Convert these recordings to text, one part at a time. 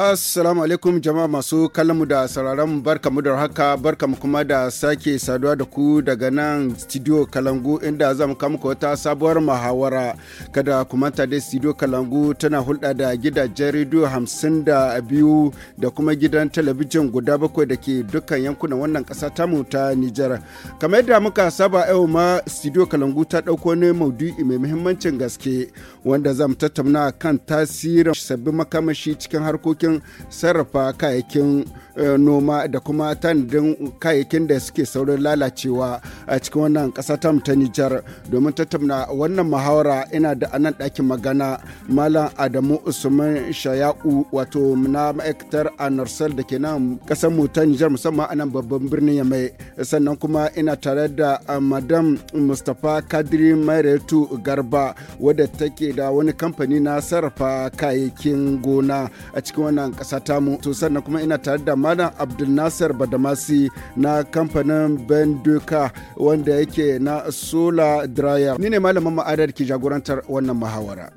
Assalamu alaikum jama'a masu kallonmu da sauraron barkamu da haka barkamu kuma da sake saduwa da ku daga nan studio Kalangu inda za mu ka wata sabuwar muhawara kada ku manta da studio Kalangu tana hulɗa da gidajen rediyo hamsin da biyu da kuma gidan talabijin guda bakwai da ke dukkan yankunan wannan ƙasa tamu ta Nijar. Kamar yadda muka saba yau ma studio Kalangu ta ɗauko ne maudu'i mai muhimmancin gaske wanda zamu tattauna kan tasirin sabbin makamashi cikin harkokin sarrafa kayayyakin Eh, noma da kuma tanadin kayayyakin da suke saurin lalacewa a cikin wannan ƙasa ta ta Nijar domin tattauna wannan muhawara ina da anan ɗakin magana Malam Adamu Usman Shayaku wato na ma'aikatar Narsal da ke nan ƙasar mu ta Nijar musamman a nan babban birnin Yamai sannan kuma ina tare da eh, Madam Mustapha Kadri Mairetu Garba wadda take da wani kamfani na sarrafa kayayyakin gona a cikin wannan ƙasa tamu to sannan kuma ina tare da Malam Abdulnasir Badamasi na kamfanin duka wanda yake na Sola Dryer. Ni ne malamin ma'adar ke jagorantar wannan muhawara.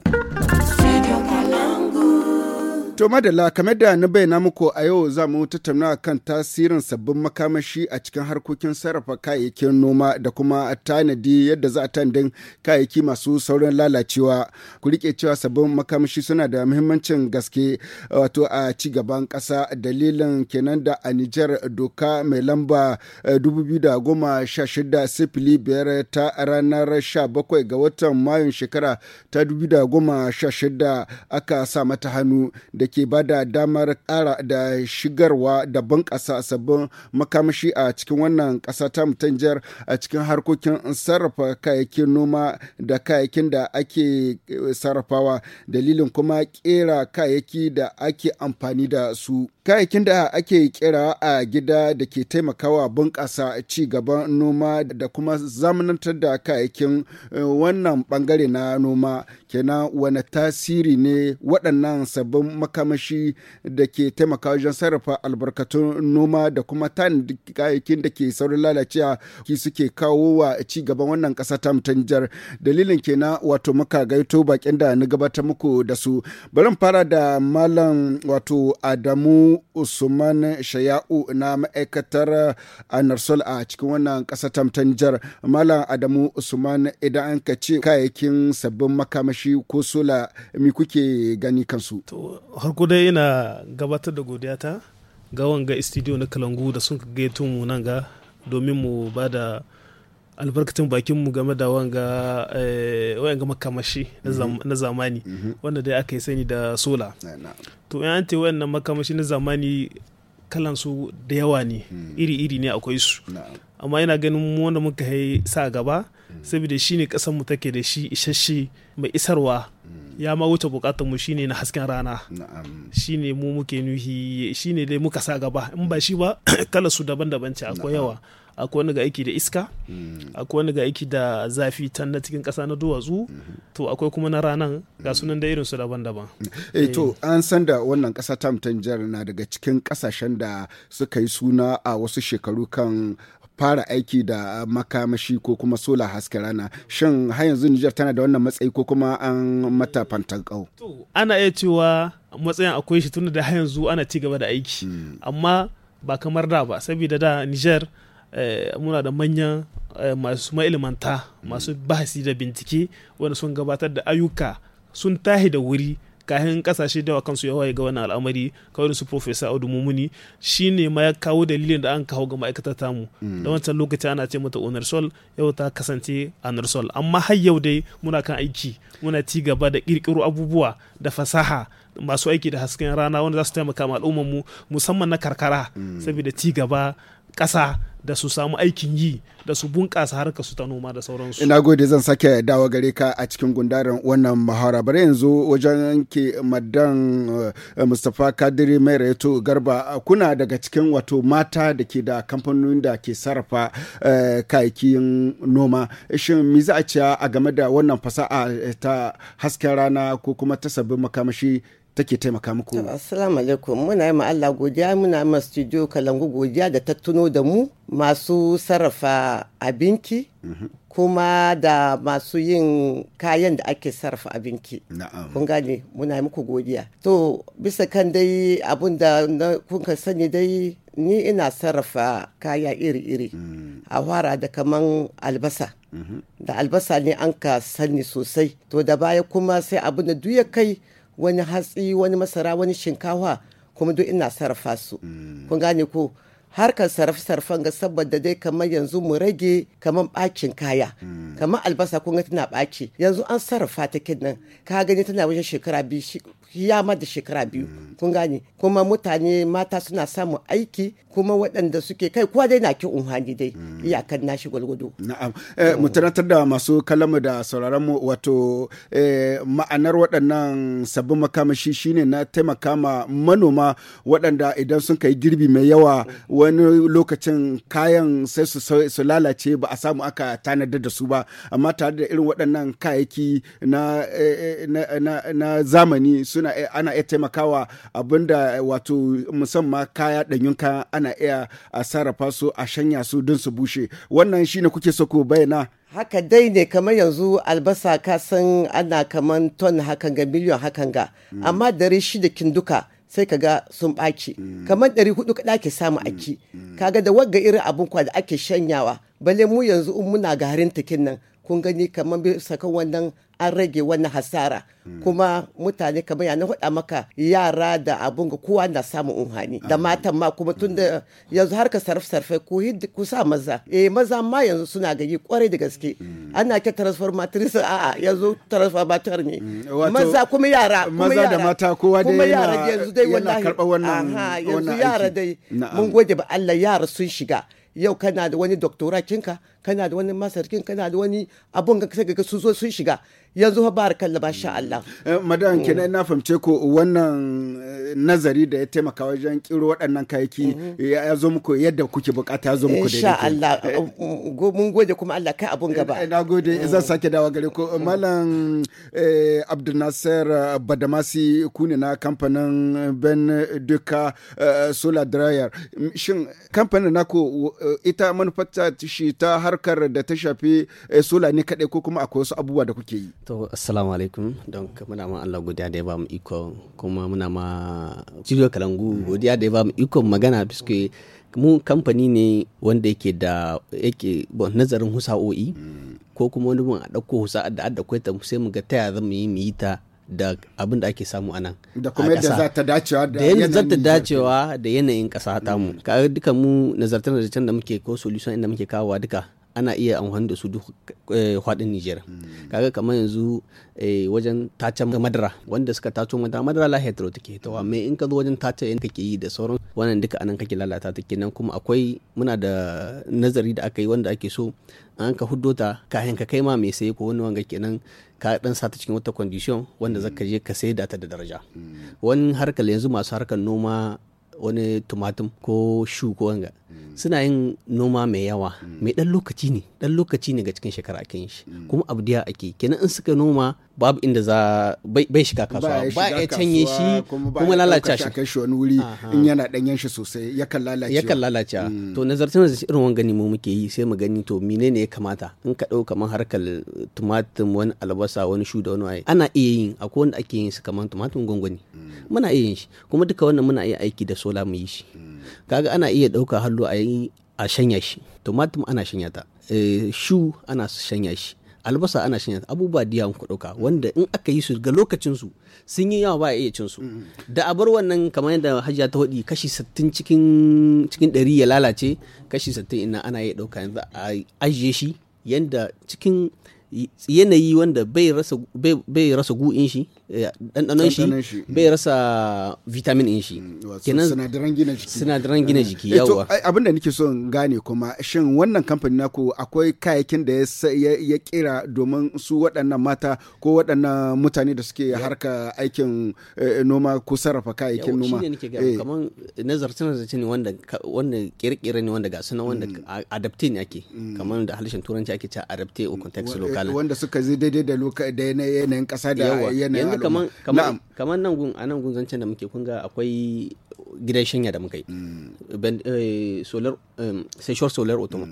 To madalla kamar da na bayyana muku a yau za mu tattauna kan tasirin sabbin makamashi a cikin harkokin sarrafa kayayyakin noma da kuma tanadi yadda za a tanadin kayayyaki masu saurin lalacewa. Ku rike cewa sabbin makamashi suna da muhimmancin gaske wato a ci gaban ƙasa dalilin kenan da a Nijar doka mai lamba 2016 eh, sifili biyar ta ranar 17 ga watan Mayun shekara ta 2016 aka sa mata hannu da ke ba da damar ƙara da shigarwa da bunƙasa sabbin makamashi a cikin wannan ƙasa ta mutanjar a cikin harkokin sarrafa kayayyakin noma da kayayyakin da ake eh, sarrafawa dalilin kuma ƙera kayayyaki da ake amfani da su. Kayayyakin da ake kira a gida da ke taimakawa bunƙasa ci gaban noma da kuma zamanantar da kayayyakin eh, wannan bangare na noma kenan wani tasiri ne waɗannan sabbin makamashi da ke taimakawa wajen sarrafa albarkatun noma da kuma tanadi kayayyakin da ke saurin lalacewa ki suke kawo wa ci gaban wannan ƙasa ta mutanjar dalilin kenan wato muka gaito bakin da na gabatar muku da su bari fara da malam wato Adamu Usman Shaya'u na ma'aikatar Anarsol eh, a cikin wannan ƙasa tamtanjar Malam Adamu Usman idan an ka ce kayayyakin sabbin makamashi ko sola mi kuke gani kansu. To harko dai ina gabatar da godiyata ga wanga studio na Kalangu da sun mu nan ga domin mu ba da albarkatun bakin mu game da wanga eh, makamashi na mhm. zamani mhm. wanda dai aka yi sani da sola eh, to in an ce wannan makamashi na zamani kalansu da yawa ne mm. iri-iri ne akwai su amma yana ganin wanda muka yi sa gaba mm. saboda shi ne kasanmu mu take da shi isasshe mai isarwa mm. ya ma wuce bukatar mu shine na hasken rana shine mu muke nuhi shine dai muka sa gaba in ba shi ba kala su daban-daban ce akwai yawa akwai wani ga aiki da iska mm. akwai wani ga aiki da zafi tan na cikin ƙasa na duwatsu mm-hmm. to akwai kuma na ranan ga mm-hmm. sunan da irinsu daban-daban eh to an san da wannan ƙasa ta jihar na daga cikin ƙasashen da suka yi suna a wasu shekaru kan fara aiki da makamashi ko kuma sola haske rana shin har yanzu Nijar tana da wannan matsayi ko kuma an mata fantankau ana iya cewa matsayin akwai shi tunda da har yanzu ana ci gaba da aiki mm. amma ba kamar da ba saboda da Nijar Eh, muna da manyan eh, masu ma'ilmanta masu mm. bahasi da bincike wanda sun gabatar da ayyuka sun tahi da wuri kayan kasashe da kansu ya waye ga wannan al'amari kawai su profesa audu mumuni shi ne ma ya kawo dalilin da an kawo ga ma'aikatar tamu mm. da wancan lokaci ana ce mata sol yau ta kasance a sol amma har yau dai muna kan aiki muna ci gaba da kirkiro abubuwa da fasaha masu aiki da hasken rana wanda za su taimaka ma al'ummar mu musamman na karkara mm. saboda ci gaba ƙasa da su samu aikin yi da su bunƙasa harkar su ta noma da sauransu. Ina gode zan sake dawo gare ka a cikin gundarin wannan mahara bari yanzu wajen ke madan eh, Mustapha Kadiri Maireto Garba kuna daga cikin wato mata da ke da kamfanonin da ke sarrafa eh, kayakin noma shin me za a ce a game da wannan fasaha ta hasken rana ko kuma ta sabbin makamashi take taimaka muku assalamu alaikum muna yi Allah godiya muna masu studio kalangu godiya da tattuno da mu masu sarrafa abinki mhm. kuma da masu yin kayan da ake sarrafa abinki kun gane muna muku godiya to bisa kan dai abun da kuka sani dai ni ina sarrafa kaya iri-iri mm. a fara da kaman albasa mhm. da albasa ne an ka sani sosai to da baya kuma sai abun da duk ya kai wani hatsi wani masara wani shinkawa kuma duk ina sarrafa su kun gane ko harkar sarfe-sarfen ga saboda dai kamar yanzu mu rage kamar bakin kaya hmm. kamar albasa kun tana baki yanzu an sarrafa ta nan ka gani tana wajen shekara biyu ya da shekara biyu hmm. kun gani kuma mutane mata suna samun aiki kuma waɗanda suke kai kowa dai na ki unhani dai hmm. iyakan nashi gwalgwado na'am eh, mu tunatar da masu kalamu da sauraron mu wato eh, ma'anar waɗannan sabbin makamashi shine na taimaka ma manoma waɗanda idan sun kai girbi mai yawa wani lokacin kayan sai su lalace ba a samu aka tanadar da su ba amma tare da irin waɗannan kayayyaki na, eh, eh, na, zamani suna ana iya taimakawa abinda wato musamman kaya ɗanyun kaya ana iya a sarrafa su a shanya su don su bushe wannan shine kuke so ku bayyana haka dai ne kamar yanzu albasa ka san ana kaman ton hakan ga miliyon hakan ga mm. amma dare shida kin duka sai ka ga sun ɓaci mm. kamar ɗari hudu kaɗa ake samu aki mm. mm. kaga da wagga irin abun kwa da ake shanyawa balle mu yanzu in muna garin takin nan kun gani kamar bisa kan wannan an rage wannan hasara hmm. kuma mutane kamar yana hada maka yara da abun ga kowa na samun unhani da hmm. matan ma kuma tun da yanzu harka sarf sarfe ko ku sa maza eh maza ma yanzu suna gani kwarai da gaske hmm. ana ke transformatrice a a yanzu transformator ne maza kuma yara maza da mata kowa dai yara yanzu dai karba wannan yanzu yara dai mun gode ba Allah yara sun shiga yau kana da wani kinka kana da wani masarkin kana da wani abun ga sai ga su zo sun shiga yanzu fa kalla ba sha Allah eh, madan mm. kenan na fahimce ko wannan eh, nazari da ya taimaka wajen kiro waɗannan kayaki mm-hmm. ya zo muku yadda kuke bukata ya zo muku da insha Allah eh, um, um, um, mun gode kuma Allah kai abun gaba na gode mm. zan sake dawa gare ku mm. malam Abdulnasir Badamasi ku ne na kamfanin Ben Duka Solar Dryer shin kamfanin nako ita manufar shi ta har harkar da ta shafi eh, sola ne kaɗai ko kuma akwai wasu abubuwa da kuke yi to assalamu alaikum don muna ma Allah godiya da ya ba mu iko kuma muna ma studio kalangu godiya da ya ba mu iko magana biske mu kamfani ne wanda yake da yake nazarin husa'o'i ko kuma wani mun a ɗauko husa'a da adda kwaita sai mu ga ta yaya mu yi mu yi ta da abin da ake samu a nan da kuma yadda za ta dacewa da yadda za ta dacewa da yanayin ƙasa ta mu mm. ka duka mu nazartar da can da muke ko solution inda muke kawowa duka ana iya amfani da su duk eh, faɗin Nijar. Kaga kamar yanzu eh, wajen tacen madara wanda suka taco madara madara la hetero take to amma in ka zo wajen tace yanka ke yi da sauran wannan duka anan kake lalata ta kenan kuma akwai muna da nazari da aka yi wanda ake so an ka huddo ta kayan ka kai ma mai saye ko wani wanga kenan ka dan sata cikin wata condition wanda zaka je ka sai da ta da daraja. Wani harkar yanzu masu harkar noma wani tumatum ko shu ko wanga suna yin noma mai yawa mai dan lokaci ne dan lokaci ne ga cikin shekara ake yin shi mm. kuma abu da ake kenan in suka noma babu inda za bai shiga kasuwa ba ya canye shi kuma lalace shi kai shi wani wuri in yana danyen shi sosai yakan lalace yakan lalace mm. to nazarce na irin wani gani mu muke yi sai mu gani to menene ya kamata in ka dau kamar harkar tumatir wani albasa wani shu da wani waye ana iya yin akwai wanda ake yin su kamar tumatir gwangwani mm. muna iya yin shi kuma duka wannan muna iya aiki da sola mu yi shi kaga ana iya ɗauka hallo a yi a shanya shi tumatum ana shanya ta eh, shu ana shanya shi albasa ana shanya ta abubuwa diya ku ɗauka wanda in aka yi su ga lokacin su sun yi yawa ba a iya cin su mm-hmm. da a bar wannan kamar yadda hajiya ta hudi kashi 60 cikin cikin 100 ya lalace kashi 60 ina ana iya ɗauka yanzu a ajiye shi yanda cikin yanayi wanda bai rasa gu'in shi Eh, ɗanɗanon shi bai rasa vitamin in shi mm, kenan sinadaran gina jiki sinadaran gina eh. jiki eh, yawa abinda nake so in gane kuma shin wannan kamfani naku akwai kayayyakin da ya kira domin su waɗannan mata ko waɗannan mutane da suke harka aikin noma ko sarrafa kayayyakin noma shine nake gaya kaman nazarce nazarce ne wanda wanda ne wanda ga suna wanda mm. adapte ne ake mm. kaman da halishin turanci ake cewa adapte o context local wanda suka zai daidai da yanayin kasa da yanayin kaman kaman kaman nan gun anan gun zancen da muke kunga akwai gidan shanya da muka yi mm. eh, solar seshor solar mm.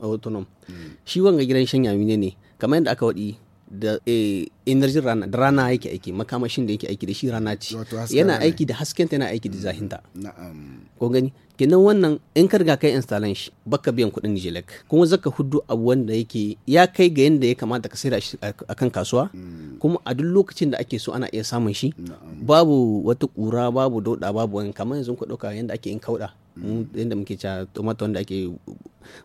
autonom mm. shi wanga gidan shanya ne ne kamar yadda aka waɗi da eh, energy rana da rana yake aiki makamashin da yake aiki da shi rana ce yana aiki da haskenta yana aiki da zahinta ko gani kenan wannan in ka riga kai installation shi baka biyan kuɗin jelek kuma zaka hudu abu wanda yake ya kai ga yanda ya kamata ka saida a kan kasuwa mm. kuma a duk lokacin da ake so ana iya samun shi babu wata kura babu dauda babu wani kamar yanzu ku dauka yanda ake in kauda mu yadda muke cewa tomato wanda ake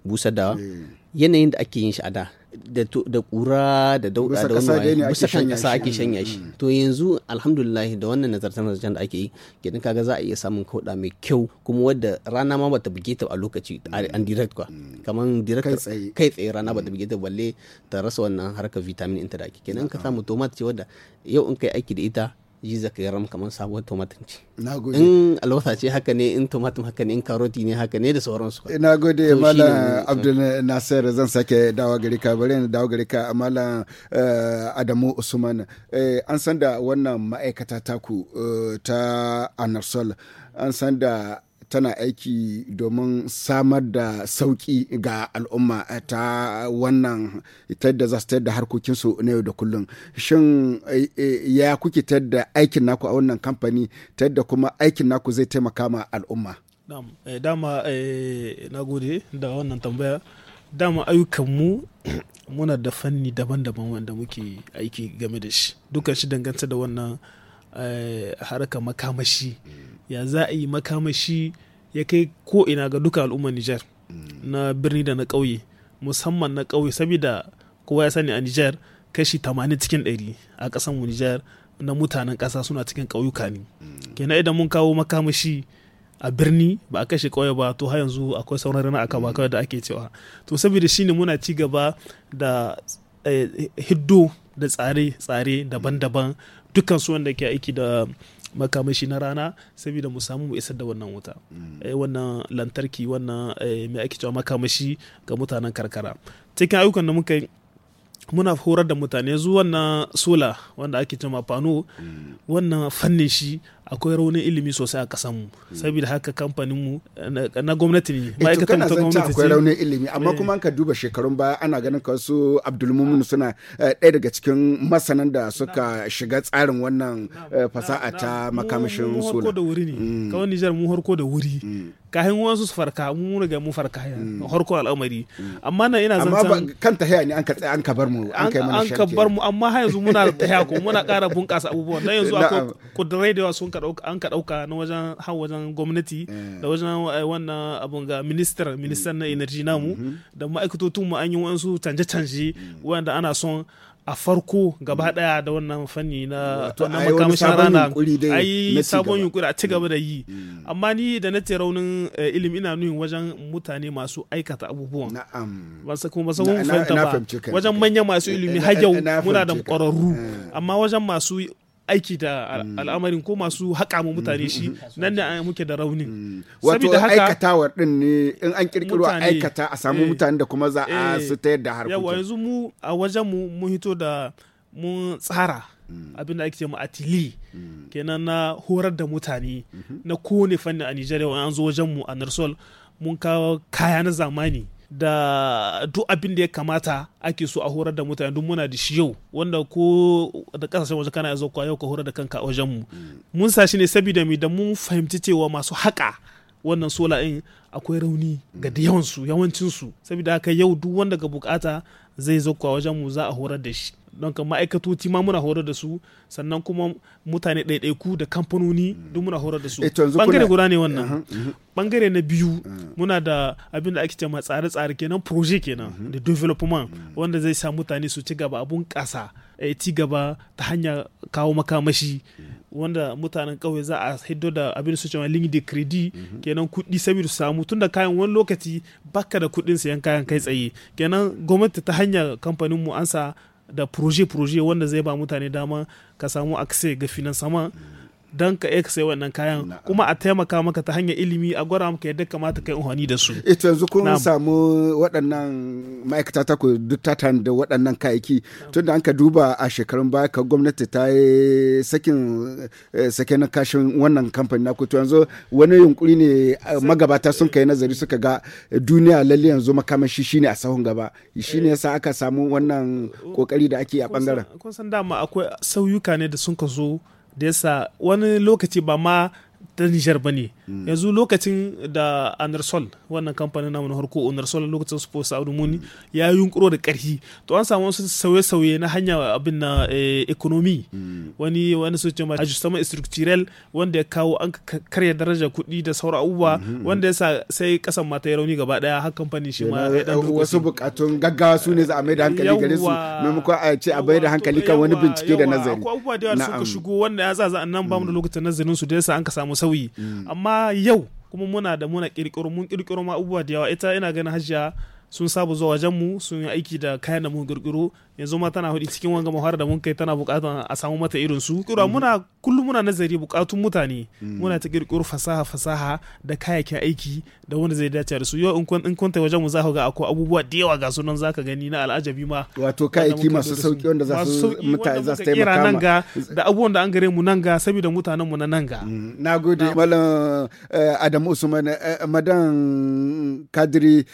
busar da eh. yanayin da ake yin shi a da da kura da dauɗa da wani busa kan kasa ake shanya shi mm. to yanzu alhamdulillah da wannan nazartar nazartar da ake yi gidan kaga za a iya samun kauda mai kyau kuma wadda rana ma bata buge ta a lokaci mm. an direct kwa mm. kamar direct kai tsaye rana bata buge ta balle ta rasa wannan harkar vitamin ɗinta da ake kenan ka samu tomat ce wadda yau in kai aiki da ita ji zaka garam kamar sabuwar tomatin ce in alwasa ce haka ne in tomatin haka ne in karoti ne haka ne da sauransu na gode Mala abdul nasir zan sake dawa gari ka bari na dawa gari ka Mala eh, adamu usman eh, an san da wannan ma'aikata taku eh, ta anarsol an san da tana aiki domin samar da sauki ga al'umma eh, ta wannan ta yadda za su tayar da harkokinsu na yau da kullum shin eh, eh, ya kuke tayar da aikin naku a wannan kamfani ta yadda kuma aikin naku zai taimaka ma al'umma dama na gode da wannan tambaya dama ayyukanmu muna da fanni daban-daban wanda muke aiki game da shi dukan shi dangance da wannan harkar makamashi ya za a yi makamashi ya kai ko ina ga duka al'ummar Nijar mm. na birni da na ƙauye musamman na ƙauye saboda kowa ya sani a Nijar kashi 80 cikin 100 a ƙasar mu Nijar na mutanen ƙasa suna cikin ƙauyuka ne mm. kenan idan mun kawo makamashi a birni ba a kashe ƙauye ba to har yanzu akwai sauran rana aka ba mm. kawai da ake cewa to saboda shine muna ci gaba da eh, hiddo da tsare-tsare daban-daban dukkan su wanda ke aiki da makamashi na rana saboda mu samu mu isar da wannan wuta mm. eh, wannan lantarki wannan eh, mai ake cewa makamashi ga mutanen karkara cikin ayyukan da muka muna horar da mutane zuwa wannan sola wanda ake cewa fano mm. wannan fannin shi akwai raunin ilimi sosai a mu hmm. saboda haka mu na gwamnati ne eh, ma'aikatan ta gwamnati akwai raunin ilimi amma eh. kuma an ka duba shekarun baya ana ganin ka su abdulmumin suna eh, ɗaya daga cikin masanan da suka shiga tsarin wannan fasaha ta makamashin sola. Mu da wuri ne, hmm. kawai Nijar mu harko da wuri. Hmm. kahin wasu su farka mun riga mun farka ya mm. harko al'amari mm. amma nan ina zan amma kan ta ne an ka tsaya an ka bar mu an kai mana an ka bar mu amma har yanzu muna tahiya ko muna ƙara bunƙasa abubuwan dan yanzu akwai kudurai da sun ka dauka an ka dauka na wajen har wajen gwamnati mm. da wajen eh, wannan abun ga minister minister na energy namu mm-hmm. da ma'aikatotun mu an yi wasu canje-canje wanda ana son a farko gaba daya da wannan fanni na wannan makamashin rana yi sabon yunkuri a ci gaba da yi mm. amma ni da na raunin eh, ilimi ina nuyin wajen mutane masu aikata abubuwan wasu kuma wasu mun fahimta ba wajen manyan masu eh, ilimi eh, hajjau muna da kwararru amma wajen masu aiki da mm. al'amarin ko masu haƙa mu mutane mm-hmm. shi mm-hmm. nan da muke da raunin. Mm. Wato aikatawar din ne in an kirkiro aikata a samu eh, mutane da kuma za a eh. su ta yadda harkokin. Yawwa yanzu mu a wajen mu mun hito da mun tsara mm. abinda ake ce mu atili kenan na horar da mutane mm-hmm. na kone fanni a Nigeria an zo wajen mu a Narsol mun kawo kaya na zamani. da duk abin da ya kamata ake so a horar da mutane duk muna da shi yau wanda ko da kasashen waje kana yanzu kwa yau ka horar da kanka a wajen mu mm. mun sa ne saboda mu da mun fahimci cewa masu haƙa wannan sola in akwai rauni ga da mm. yawan su yawancin su saboda haka yau duk wanda ga bukata zai zo kwa wajen mu za a horar da shi don ka ma'aikatoci ma muna horar da su sannan kuma mutane ɗaiɗaiku da kamfanoni duk muna horar da su eh, bangare guda ne wannan uh-huh, uh-huh. bangare na biyu uh-huh. muna da abin da ake ce ma tsare-tsare kenan proje kenan da development wanda zai sa mutane su ci gaba abun ƙasa eh, ci gaba ta hanya kawo makamashi wanda mutanen kauye za a hiddo da abin su cewa link de credit kenan kuɗi saboda samu tun da kayan wani lokaci baka da kuɗin sayan kayan kai tsaye kenan gwamnati ta hanya kamfanin mu an da proje-proje wanda zai ba mutane dama ka samu akse ga sama don ka iya sai wannan kayan kuma a taimaka maka ta hanyar ilimi a gwara maka yadda kamata kai unhani da su. Ita yanzu kun samu waɗannan ma'aikata ta ku duk tatan da waɗannan kayaki tun da an ka duba a shekarun baya ka gwamnati ta yi sakin eh, na kashin wannan kamfani na to yanzu wani yunkuri ne eh, magabata sun kai nazari suka ga duniya lalle yanzu makamashi shine a sahun gaba shine yasa aka samu wannan kokari eh, da ake a bangaren. Kun san dama akwai sauyuka ne da sun ka zo da wani lokaci ba ma ta Nijar ba ne mm. yanzu lokacin da Anarsol wannan kamfanin namu na harko Anarsol lokacin su fosa Muni ya yunkuro da karfi to an samu wasu sauye-sauye na hanya abin na eh, economy mm. wani wani su cewa ajustament structural wanda ya kawo an karya daraja kuɗi da sauran abubuwa mm-hmm. wanda ya sa sai kasan mata ya rauni gaba daya har kamfanin shi ma ya dan wasu bukatun gaggawa su ne za a mai da hankali gare su maimakon a ce a bai da hankali kan wani bincike da nazari akwai abubuwa da yawa suka shigo wanda ya sa za nan ba mu da mm. lokacin nazarin su da yasa an ka samu sauyi mm. amma yau kuma muna da muna kirkiro mun kirkiro ma abubuwa da yawa ita ina ganin hajiya sun saba zuwa wajen mu sun yi aiki da kayan da mun kirkiro yanzu ma tana hudu cikin wanga muhara da mun kai tana bukatan a samu mata irin su kura muna kullum muna nazari bukatun mutane muna ta kirkiro fasaha fasaha da kayayyakin aiki da wanda zai dace da su yau in kun in kun ta wajen mu ku ga akwai abubuwa da yawa ga sunan zaka gani na al'ajabi ma wato kayayyaki masu sauki wanda za su mutane za su taimaka nan ga da abubuwan da an gare mu nan ga saboda mutanen mu na nan ga mm, nagode mallam eh, Adamu Usman eh, eh, madan Kadiri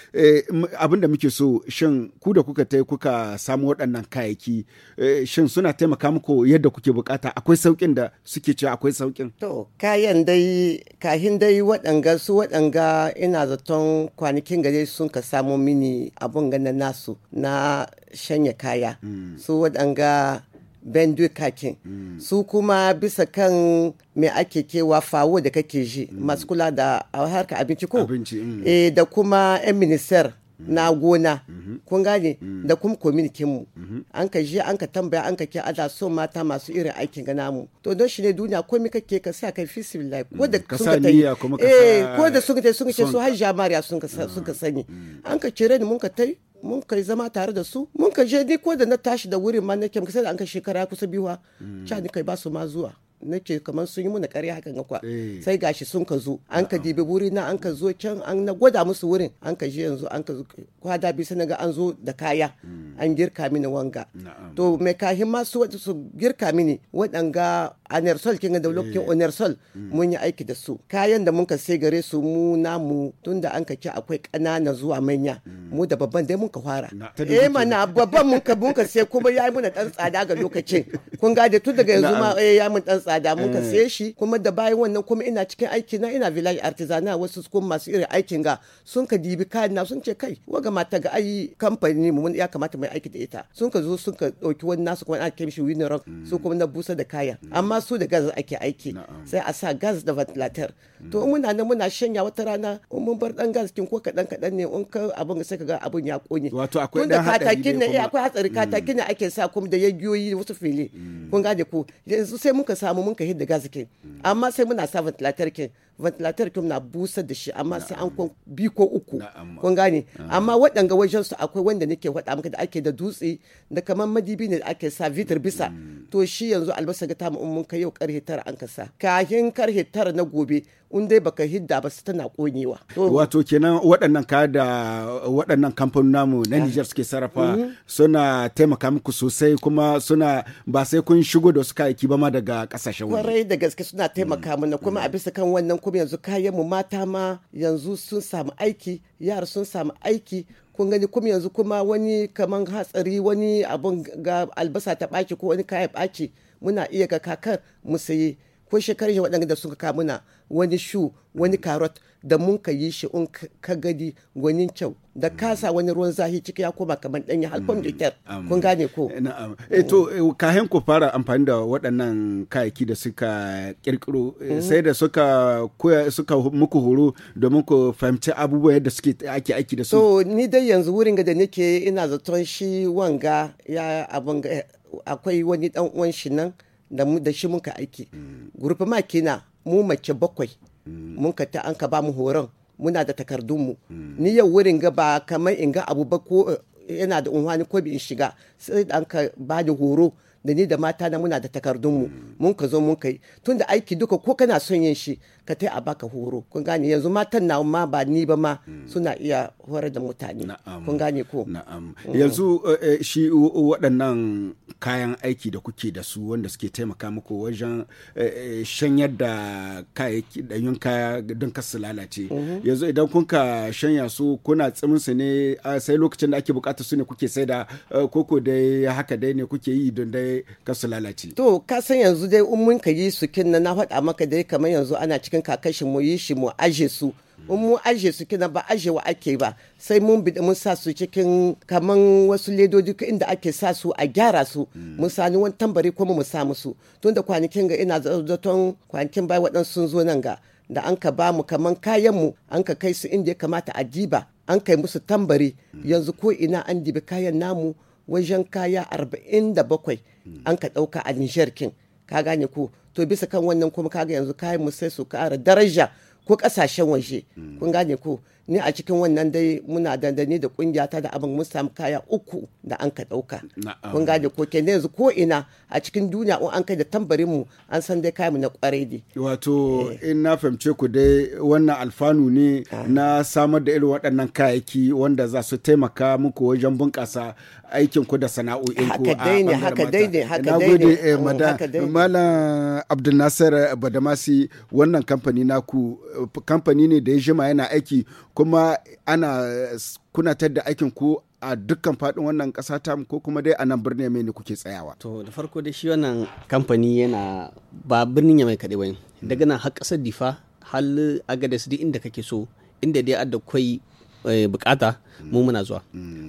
abinda muke so shin ku da kuka tai kuka samu waɗannan waɗannan kayayyaki eh, shin suna taimaka muku yadda kuke bukata akwai sauƙin da suke cewa akwai sauƙin to kayan dai kahin dai waɗanga su waɗanga ina zaton kwanakin gare sun ka samo mini abun gana nasu na shanya kaya mm. su waɗanga bendu kakin mm. su kuma bisa kan me ake kewa fawo da kake ji mm. masu kula da harka abinci ko eh, da kuma 'yan minister na gona mhm. kun gane mhm. da kuma kominikin mu mhm. an ka je an ka tambaya an ka ke ala so mata masu irin aikin gana mu to don shi ne duniya komai kake ka sa kai fisibilai eh, ko da sun ka yi eh ko da sun ka sun ce su har jamariya ah, sun ka sani mm. an ka cire ni mun ka tai mun kai zama tare da su mun ka je ni ko da na tashi da wurin ma nake sai da an ka shekara kusa biwa cha mm. ni kai ba su ma zuwa nake kamar sun yi muna kare hakan ga kwa eh. sai gashi sun ka zo an ka dibi wuri na an ka zo can an na gwada musu wurin an ka je yanzu an ka zo kwada bi sai ga an zo da kaya hmm. an girka mini wanga to me kahin ma su su girka mini waɗanga anersol kin da lokacin onersol eh. hmm. mun yi aiki da su kayan da mun ka sai gare su mu namu tunda an ka ci akwai ƙanana zuwa manya hmm. mu da babban dai mun ka fara eh mana babban mun ka mun ka sai kuma yayi muna dan tsada ga lokacin kun gade tun daga yanzu ma eh, yayi mun dan tsada tsada mun ka eh. siye shi kuma da bayan wannan kuma ina cikin aiki na ina village artisana wasu kuma masu irin aikin ga sun ka dibi kayan na sun ce kai waga mata ga ayi kamfani mu ya kamata mai aiki da ita sun ka zo sun ka dauki wani nasu kuma ake mishi winner rock mm. su kuma na busa da kaya mm. amma su da gas ake aiki sai a sa gas da ventilator mm. to in muna nan muna shanya wata rana in mun bar dan gas kin ko kadan kadan ne in ka abun sai ka ga abun ya kone wato akwai dan katakin ne eh, akwai hatsari katakin ne ake sa kuma da yayyoyi wasu fili kun gane ko yanzu sai muka samu mun ka hidda gas ke amma sai muna samun lantarkin ventilator kyau na busar da shi amma sai an kwan bi ko uku kun gane amma waɗanga wajen su akwai wanda nake faɗa maka da ake da dutse da kamar madibi ne da ake sa vitar bisa mm. to shi yanzu albasa ga tamu mun ka yau karhe tara an ka sa kahin karhe tara na gobe in dai baka hidda ba su tana konewa wato kenan waɗannan ka da waɗannan kamfanin namu na nijar suke sarrafa mhm. suna taimaka muku sosai kuma suna ba sai kun shigo da su kayayyaki ba ma daga ƙasashen wani kwarai da gaske suna taimaka mm. mana kuma a mm. bisa kan wannan kuma yanzu kayanmu mata ma yanzu sun samu aiki yara sun samu aiki kun gani kuma yanzu kuma wani kaman hatsari wani abun ga albasa ta ɓaki ko wani kaya ɓaki muna iya ga kakar mu saye ko shekarar waɗanda da suka muna wani shu wani karot da mun ka yi shi un ka gadi gwanin kyau da kasa wani ruwan zahi ciki ya koma kamar danyi halkom da kyar kun gane ko eh, na'am eh, to eh, kahin ku fara amfani da waɗannan kayaki da suka kirkiro mm-hmm. sai da suka koya suka muku horo domin ku fahimci abubuwa yadda suke ake aiki da su to ni dai yanzu wurin ga da nake ina zaton shi wanga ya abin akwai wani dan uwan shi nan da shi muka aiki mm. gurfi ma kina mu mace bakwai mun ka ta an ka ba mu horon muna da takardun mu ni yau wurin ga ba kamar in ga abu ba ko eh, yana da unhwani ko bi in shiga sai an ka ba da horo da ni da mata na muna da takardunmu mun ka zo mun kai tunda aiki duka ko kana son yin shi ka ta a baka horo kun gane yanzu matan na ma ba ni ba ma suna iya horar da mutane kun gane ko mm. yanzu eh, eh, shi waɗannan kayan aiki da kuke da su wanda suke taimaka muku wajen eh, shanyar da kayayyaki ɗanyun kaya don su lalace mm-hmm. yanzu idan kun ka shanya su kuna tsimin su ne sai lokacin da ake bukatar su ne kuke sai da koko dai haka dai ne kuke yi don dai ka su lalace to ka san yanzu dai in mun ka yi su kinna na faɗa maka dai kamar yanzu ana cikin kakashin mu yi shi mu aje su in mu aje su kina ba aje wa ake ba sai mun bi mun sa su cikin kaman wasu ledodi inda ake sa su a gyara su hmm. mun ni wani tambari kuma mu sa musu tunda kwanakin ga ina zaton kwanakin bai waɗansu sun zo nan ga da an ka ba mu kaman kayan mu an ka kai su inda ya kamata a diba an kai musu tambari hmm. yanzu ko ina an dibi kayan namu wajen kaya 47 an ka ɗauka a Niger kin ka gane ku to bisa kan wannan kuma kaga yanzu kayan mu sai su ƙara daraja ko ƙasashen waje kun gane ku ni a cikin wannan dai muna dandani da kungiya ta da abin mun kaya uku da an ka dauka kun gane ko ke yanzu ko ina a cikin duniya in an kai da tambarin mu an san dai kayan mu na kwarai dai wato eh. in na fahimce ku dai wannan alfanu ne ah. na samar da irin waɗannan kayayyaki wanda za su taimaka muku wajen bunƙasa aikin ku da sana'o'in ku haka dai ne haka dai ne eh, mm, haka dai ne madan malam abdul badamasi wannan kamfani naku kamfani ne da ya jima yana aiki kuma ana kunatar da aikin ku a dukkan faɗin wannan ƙasa ta ko kuma dai a nan birnin yamai ne kuke tsayawa. To da farko dai shi wannan kamfani yana ba birnin yamai kaɗai ba daga nan har ƙasar difa hal agades duk inda kake so inda dai adda kwai eh, bukata mu muna zuwa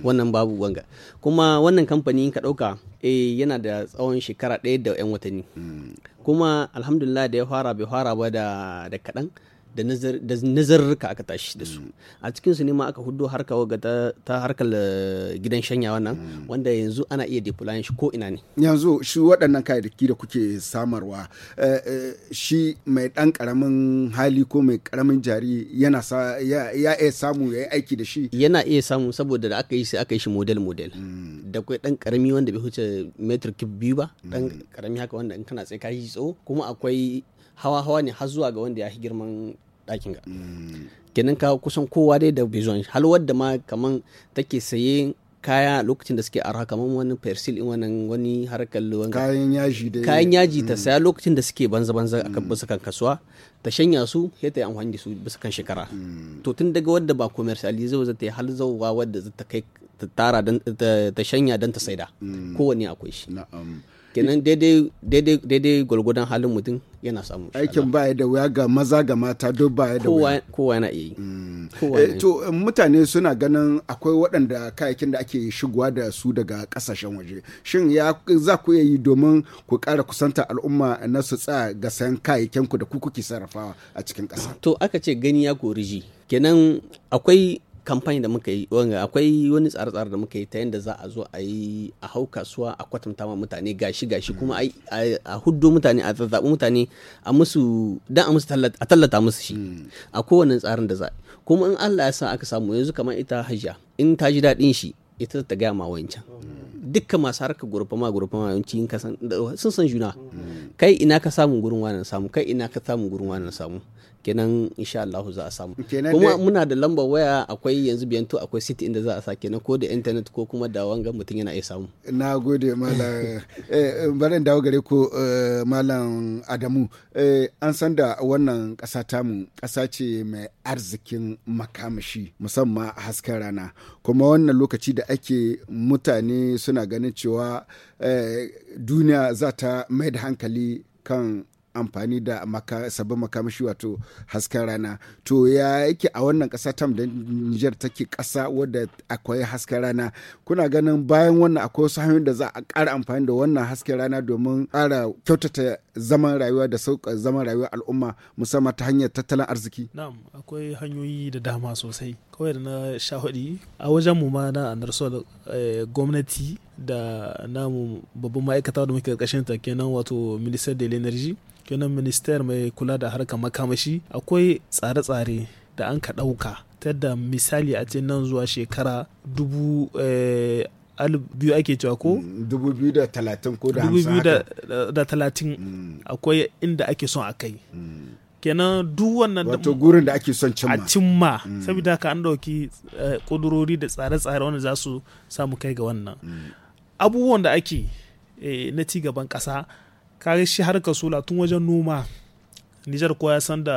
wannan babu wanga kuma wannan kamfani ka ɗauka eh, yana da tsawon shekara ɗaya da 'yan watanni mm. kuma alhamdulillah da ya fara bai fara ba da kaɗan da nazarruka aka tashi da su a cikin su ne ma aka hudu har kawo ga ta harkar eh, gidan shanya wannan hmm. wanda yanzu ana iya deployin shi ko ina ne yanzu shi waɗannan kayayyaki da kuke samarwa eh, eh, shi mai ɗan ƙaramin hali ko mai ƙaramin jari yana ya iya samu ya yi aiki da shi yana iya samu saboda da aka yi sai aka yi shi model model hmm. da kai ɗan ƙarami wanda bai huce metr cube biyu ba hmm. ɗan ƙarami haka wanda in kana tsaye ka yi tsawo kuma akwai hawa-hawa ne har zuwa ga wanda ya fi girman ɗakin ga mm. kenan ka kusan kowa dai da bizon hal wadda ma kaman take saye kaya lokacin da suke arha kaman wani persil in wannan wani harkar kayan yaji da kayan yaji ta mm. saya lokacin da suke banza banza a kan mm. bisa kan kasuwa ta shanya su sai ta yi amfani da su bisa kan shekara to tun daga wadda ba commercialize za ta yi hal zauwa wadda za ta kai ta tara ta shanya dan ta saida kowanne akwai shi na'am kenan daidai gwalgwadon halin mutum yana samu aikin baya da wuya ga maza ga mata duk baya da wuya kowa na iya yi mm. eh, to eh, mutane suna ganin akwai waɗanda kayakin da ake shigowa da su daga ƙasashen waje shin ya za ku yi domin ku ƙara kusanta al'umma na su tsaya ga sayan kayakin ku da ku kuke sarrafawa a cikin ƙasa to aka ce gani ya goriji ji kenan akwai kamfani da muka yi wanga akwai wani tsare-tsare da muka yi ta yadda za a zo a yi a hau kasuwa a kwatanta ma mutane gashi gashi kuma a huddo mutane a zazzabi mutane a musu dan a musu a tallata musu shi a kowane tsarin da za kuma in Allah ya sa aka samu yanzu kamar ita hajiya in ta ji daɗin shi ita ta gaya ma wancan dukkan masu harkar gurfa ma gurfa ma yawanci in sun san juna kai ina ka samu gurin wannan samu kai ina ka samu gurin wannan samu kenan insha Allah za a samu kuma muna da lambar waya akwai yanzu biyanto akwai city inda za a sa kenan ko da internet ko kuma da wanga mutum yana iya samu na gode malam eh, eh, barin dawo gare ku eh, malam Adamu an san da wannan ƙasa tamu kasa ce mai arzikin makamashi musamman hasken rana kuma wannan lokaci da ake mutane suna ganin cewa duniya za ta mai da hankali kan amfani da sabbin makamashi wato hasken rana to ya yake a wannan kasa tam da Nijar take kasa wadda akwai hasken rana kuna ganin bayan wannan akwai wasu hanyoyin da za a ƙara amfani da wannan hasken rana domin ƙara kyautata zaman rayuwa da sauƙa zaman rayuwa al'umma musamman ta hanyar tattalin arziki na'am akwai hanyoyi da dama sosai kawai da na sha hudu a wajen mu ma na anarsol eh, gwamnati da namu babban ma'aikata da muke karkashin ta kenan wato minister da energy kenan minister mai kula da harkar makamashi akwai tsare-tsare da an ka ɗauka ta da misali a ce nan zuwa shekara dubu eh, biyu ake cewa ko? Mm, dubu biyu da talatin ko da hamsin haka. dubu biyu da talatin mm. akwai inda ake son a kai. Mm. kenan duk wannan wato gurin da ake son cimma a cimma mm. saboda ka an dauki kudurori eh, da tsare-tsare wanda za su samu kai ga wannan mm. abubuwan da ake eh, na ci gaban kasa kare shi har sola tun wajen noma nijar ko ya san da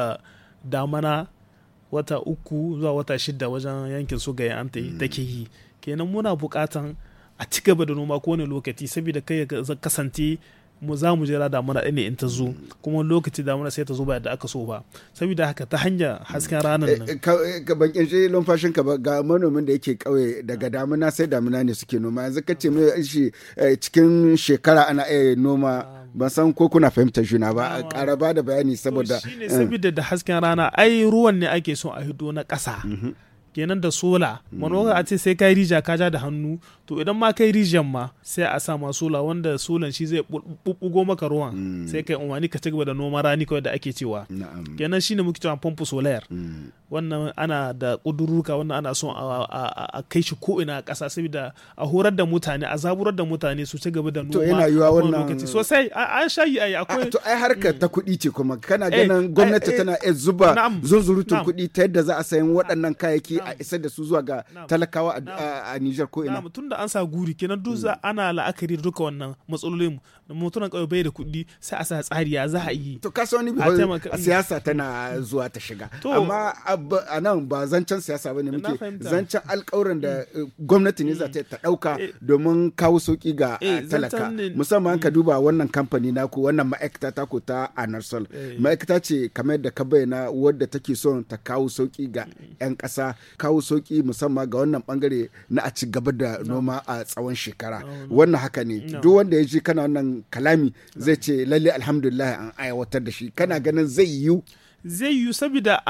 damana wata uku zuwa wata shida wajen yankin su gaya an mm. take yi kenan muna bukatan a ci gaba da noma kowane lokaci saboda kai kasance mu za mu jira damuna ɗaya ne in ta zo kuma lokaci damuna sai ta zo ba yadda aka so ba saboda haka ta hanyar hasken ranar nan eh, eh, eh, ban kinshi lumfashin ka ga manomin da yake kauye daga damuna sai damuna ne suke noma yanzu ka ce mai shi cikin shekara ana iya noma ban san ko kuna fahimtar juna ba a ƙara ba da bayani saboda ne saboda da hasken rana ai ruwan ne ake so a hido na ƙasa mhm. kenan da sola manoka mm. a ce sai kai rija ka ja da hannu to idan ma kai rijiyan ma sai a sa ma sola wanda sulan shi zai bubbugo maka ruwan mm. sai kai unwani ka cigaba da noman rani kawai da ake cewa kenan shine muke cewa pompo solar mm. wannan ana da kuduruka wannan ana son a kai shi ko ina a ƙasa saboda a horar da mutane a zaburar da mutane su ci gaba da noma to yana yiwa wannan lokaci sosai an shayi ai akwai to ai harkar ta kuɗi ce kuma kana eh, ganin eh, gwamnati eh, tana zuba zunzurutun kuɗi ta yadda za a sayan waɗannan kayayyaki a isar da su zuwa ga talakawa a Nijar ko ina an sa guri kenan duk hmm. ana la'akari da duka wannan matsalolin mutunan ƙauye bai da kuɗi sai a sa tsari ya za a yi to sani wani siyasa tana zuwa ta shiga amma a nan ba zancen siyasa bane muke zancen alƙawarin da eh, gwamnati ne za ta ɗauka eh. domin kawo sauki ga eh, talaka musamman ka mm. duba wannan kamfani ku wannan ma'aikata ku ta anarsol ma'aikata ce kamar da ka bayyana wadda take son ta kawo sauki ga 'yan mm. ƙasa kawo sauƙi musamman ga wannan bangare na a ci gaba da noma a tsawon shekara wannan haka ne duk wanda ya ji kana wannan kalami zai ce lalle alhamdulillah an aiwatar da shi kana ganin zai yiwu zai yi saboda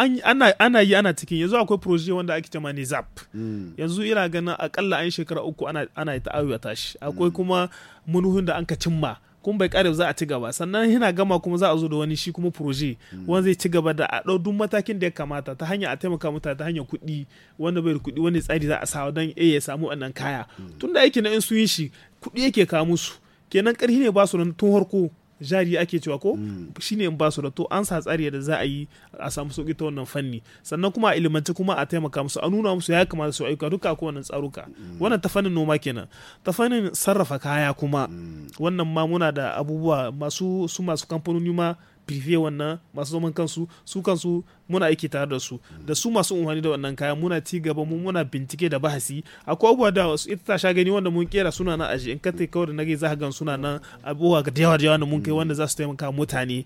ana yi ana cikin yanzu akwai proje wanda ake cema ne zap hmm. yanzu ina ganin akalla an shekara uku ana yi ta'awiyata shi hmm. akwai kuma munuhun da an ka cimma kun bai kare za a ci gaba sannan yana gama kuma za a zo da wani shi kuma proje hmm. wanda zai ci gaba da a ɗau duk matakin da ya kamata ta hanyar a taimaka mutane ta hanyar kuɗi wanda bai da kuɗi wani tsari za a sa don ya samu wannan kaya tunda aiki na in su yi shi kuɗi yake kawo musu kenan ƙarfi ne ba su nan tun harko jari ake cewa ko mm. shine in ba su da to an sa tsari da za a yi a samu sauki ta wannan fanni sannan kuma a ilimanci kuma a taimaka musu a nuna musu ya kamata su aika duka ko wannan tsaruka mm. wannan ta fannin noma kenan ta fannin sarrafa kaya kuma mm. wannan ma muna da abubuwa masu su masu kamfanoni ma prive wannan masu zaman kansu su kansu muna aiki tare da su da su masu umarni da wannan kaya muna ci gaba mu muna bincike da bahasi akwai abubuwa da wasu ita ta sha gani wanda mun kera suna na aji in ka tai kawai da nage za ka gan suna na abubuwa da yawa da yawa da mun kai mm. wanda za su taimaka mutane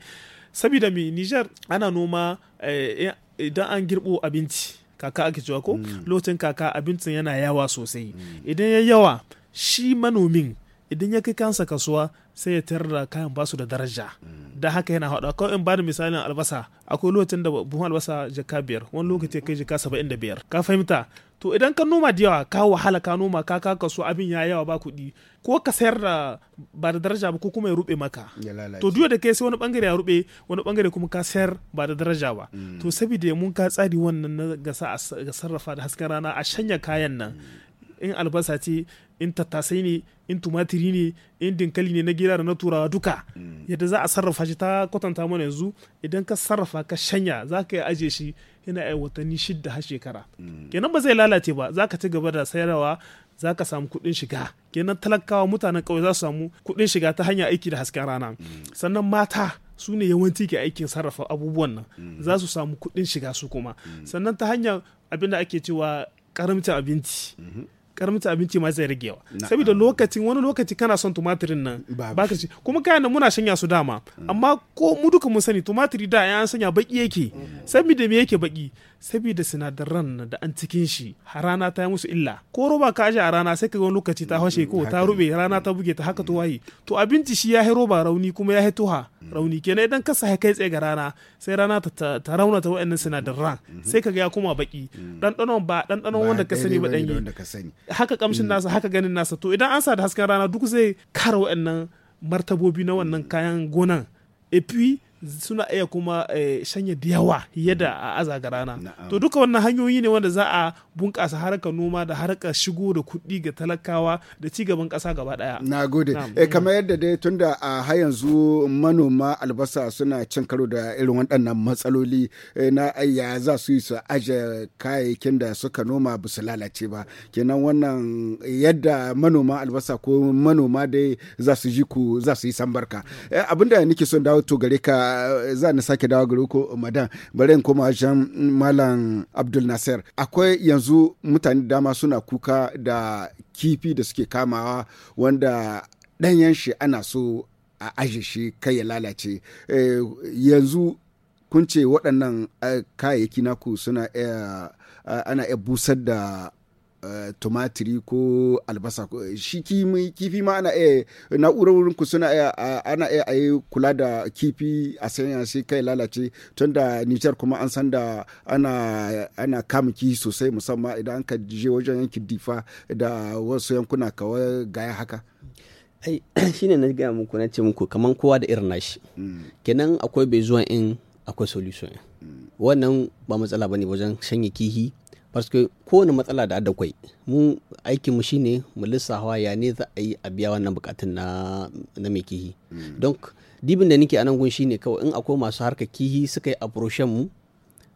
sabida mi Niger ana noma eh, eh, idan an girbo abinci kaka ake cewa ko mm. lokacin kaka abincin yana yawa sosai mm. idan ya yawa shi manomin idan ya kai kansa kasuwa sai ya tarar da kayan basu da daraja mm. da haka yana hada kawai in bada misalin albasa akwai lokacin da buhun albasa jaka biyar wani lokaci kai jaka saba'in da biyar ka fahimta to idan ka noma da yawa ka wahala ka noma ka ka kaso abin ya yawa ba kuɗi ko ka sayar da ba da daraja ba ko kuma ya rube maka to duk da kai sai wani bangare ya rube wani bangare kuma ka sayar ba da daraja ba mm. to saboda mun ka tsari wannan na gasa ga sarrafa da hasken rana a shanya kayan nan mm. in albasa ce in tattasai ne in tumatiri ne in dinkali ne na gida da na turawa duka mm. yadda za a sarrafa shi ta kwatanta mana yanzu idan ka sarrafa ka shanya za ka yi aje shi yana yi watanni shidda har shekara mm. kenan ba zai lalace ba za ka ci gaba da sayarwa za ka samu kuɗin shiga kenan talakawa mutanen ƙauye za su samu kuɗin shiga ta hanyar aiki da hasken rana mm. sannan mata su ne yawanci ke aikin sarrafa abubuwan nan za su samu kuɗin shiga su kuma sannan ta hanyar abin da ake cewa karamcin abinci mm-hmm. karamci abinci ma zai rage yawa saboda lokacin wani lokaci kana son tumatirin nan baka ci kuma kayana muna shanya su dama mm. amma ko mu duka mun sani tumatiri da an sanya baki yake mm. da me yake baki saboda sinadaran da an cikin shi rana ta yi musu illa ko roba ka aje a rana sai ka wani lokaci ta fashe ko ta rube rana ta buge ta haka to waye to abinci shi ya yi roba rauni kuma ya yi tuha rauni kenan idan ka sahi kai tsaye ga rana sai rana ta ta raunata waɗannan sinadaran mhm. sai ka ga ya koma baki mhm. ɗanɗanon ba ɗanɗanon wanda ka sani ba yi haka kamshin mm. nasa haka ganin nasa to idan an sa da hasken rana duk zai kara waɗannan martabobi na wannan kayan gonan epi suna iya kuma eh, shanya da yawa yadda a aza ga rana to duka wannan hanyoyi ne wanda za a bunƙasa harkar noma da harkar shigo da kuɗi ga talakawa da ci gaban ƙasa gaba ɗaya. Na gode. E, kamar yadda dai tunda a har yanzu manoma albasa suna cin karo da irin waɗannan matsaloli eh, na ya za su yi su aje kayayyakin da suka noma ba su lalace ba. Kenan wannan yadda manoma albasa ko manoma dai za su ji ku za su yi sambarka. E, eh, abinda nake son dawo to gare ka za ni sake dawo gare ku madam bari in koma wajen malam Abdul Nasir. Akwai yanzu yanzu mutane dama suna kuka da kifi da suke kamawa wanda ɗanyen shi ana so a aje shi kai ya lalace eh, yanzu kun ce waɗannan eh, kayayyaki naku suna eh, ana iya busar da Eh, tumatiri ko albasa eh, shi kifi ma ana iya na'urar ku suna iya ana iya a yi kula da kifi a sanya sai kai lalace tun da nijar kuma an san da ana ana sosai musamman idan an ka je wajen yankin difa da wasu yankuna kawai gaya haka ai shine na gaya muku na ce muku kamar kowa da irin nashi mm. kenan akwai bai zuwa in akwai solution mm. wannan ba matsala ba ne wajen shanye kihi parce que kowane matsala da adakwai mu aikin mu shine mu lissafa ya ne za a yi a biya wannan bukatun na na mai kihi mm. don dibin da nake anan gun shine kawai in akwai masu harkar kihi suka yi aproshen mu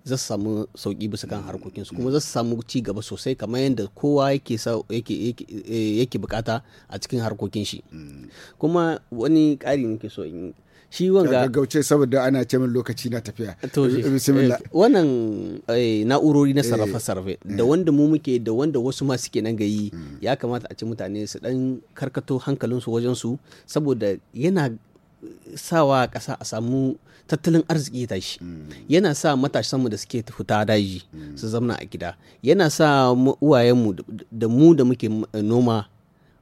za su samu sauki bisa kan harkokin su kuma za su samu ci gaba sosai kamar yadda kowa yake yake eh, yake bukata a cikin harkokin shi mm. kuma wani ƙari nake so in shi wanga gauce saboda ana ce min lokaci na tafiya to eh, eh, wannan eh, na'urori na sarrafa sarrafe da wanda mu muke da wanda wasu ma suke nan gayi hmm. ya kamata a ci mutane su dan karkato hankalin su wajen su saboda yana sawa ƙasa a samu tattalin arziki ta shi hmm. yana sa matasanmu da suke fita daji hmm. su zamna a gida yana sa uwayenmu da mu da muke noma